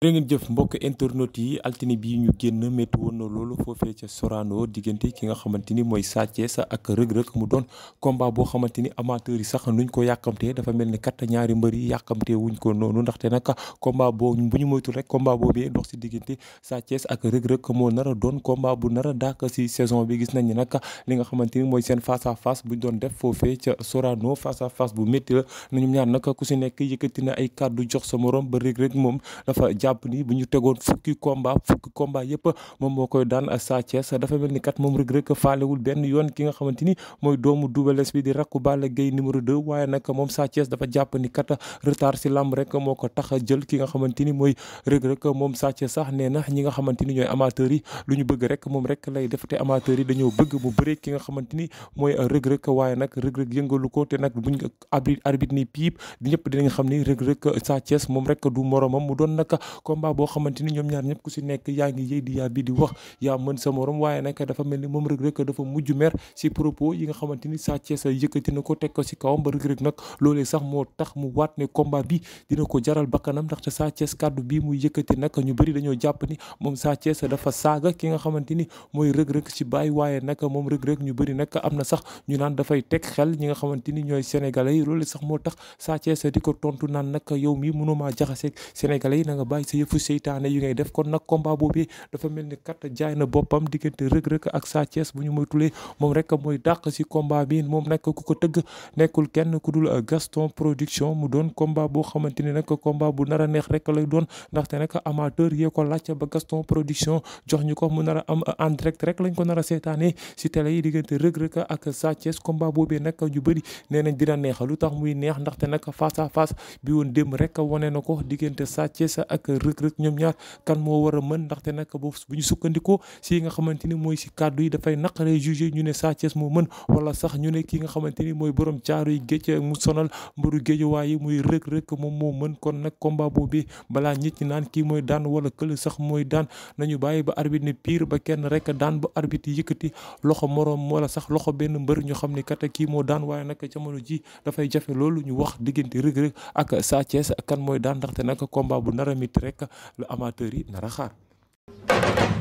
jërë ngeen jëf mbokk internet yi altine bi ñu génn métti woon na loolu foofee ca Sorano diggante ki nga xamante ni mooy Sa Thiès ak Reug Reug mu doon combat boo xamante ni amateur yi sax nuñ ko yàkkamtee dafa mel ni kat ñaari mbër yi yàkkamtee wuñ ko noonu ndaxte nag combat boo bu ñu moytul rek combat boobee dox si diggante Sa Thiès ak Reug Reug moo nar a doon bu nar a dàkk si saison bi gis nañ nag li nga xamante ni mooy seen face à face buñ doon def foofee ca Sorano face à face bu métti la ñoom ñaar nag ku si nekk yëkkati na ay kàddu jox sa morom ba Reug moom dafa jàpp ni bu ñu tegoon fukki combat fukki combat yëpp moom moo koy daan ak Sa dafa mel ni kat moom Reug Reug faalewul benn yoon ki nga xamante ni mooy doomu Double Less bi di rakku Balla Gaye numéro 2 waaye nag moom Sa ni kat retard si lamb moo ko tax a jël ki nga xamante ni mooy Reug Reug moom Sa sax nee na ñi nga xamante ni ñooy amateurs yi lu ñu bëgg rek moom rek lay def te amateurs yi dañoo bëgg mu bëree ki nga xamante ni mooy Reug Reug waaye nag Reug Reug yëngalu ko te nag buñ arbitre arbitre ni piip di ñëpp dinañ xam ni Reug Reug Sa Thiès moom rek du moromam mu combat boo xamante ni ñoom ñaar ñëpp ku si nekk yaa ngi yëy di yaa bi di wax yaa mën sa morom waaye nag dafa mel ni moom Reug Reug dafa mujj mer si propos yi nga xamante ni Sa Thiès na ko teg ko si kawam ba Reug nag loolee sax moo tax mu ne combat bi dina ko jaral bakkanam ndaxte Sa Thiès kàddu bi muy yëkkati nag ñu bëri dañoo jàpp ni moom Sa Thiès dafa saaga ki nga xamante ni mooy Reug Reug si baay waaye nag moom Reug Reug ñu bëri nag am na sax ñu naan dafay teg xel ñi nga xamante ni ñooy sénégalais yi loolee sax moo tax Sa Thiès di ko tontu naan nag yow mi mënoo maa jaxaseeg sénégalais yi sa yëfu seytaane yi ngay def kon nag combat boobu dafa mel na kat jaay na boppam diggante rëg-rëg ak Sa bu ñu moytulee moom rek mooy dàq si combat bi moom nag ku ko tëgg nekkul kenn ku dul Gaston production mu doon combat boo xamante ni nag combat bu nar a neex rek lay doon ndaxte nag amateur yee ko laajte ba Gaston production jox ñu ko mu nar a am en direct rek lañ ko nar a seetaanee si télé yi diggante rëg-rëg ak Sa Thiès combat boobee nag ñu bëri nee nañ dina neex lu tax muy neex ndaxte nag face à face bi woon démb rek wane na ko diggante Sa Thiès ak Reug Reug ñoom ñaar kan moo war a mën ndaxte nag bu ñu sukkandikoo si nga xamante ni mooy si kaddu yi dafay naqaree jugé ñu ne Sa Thiès moo mën wala sax ñu ne ki nga xamante ni mooy borom caaru yi géej mu sonal mbaru géej waaye muy Reug Reug moom moo mën kon nag combat boobu balaa nit ñi naan kii mooy daan wala kële sax mooy daan nañu bàyyi ba arbitre ne ba kenn rek daan ba arbitre yëkkati moroom wala sax loxo benn mbër ñu xam ne kat kii moo daan waaye nag jamono ji dafay jafe loolu ñu wax diggante Reug ak Sa Thiès mooy daan ndaxte nag combat bu nar a rek rek la amateur yi nar a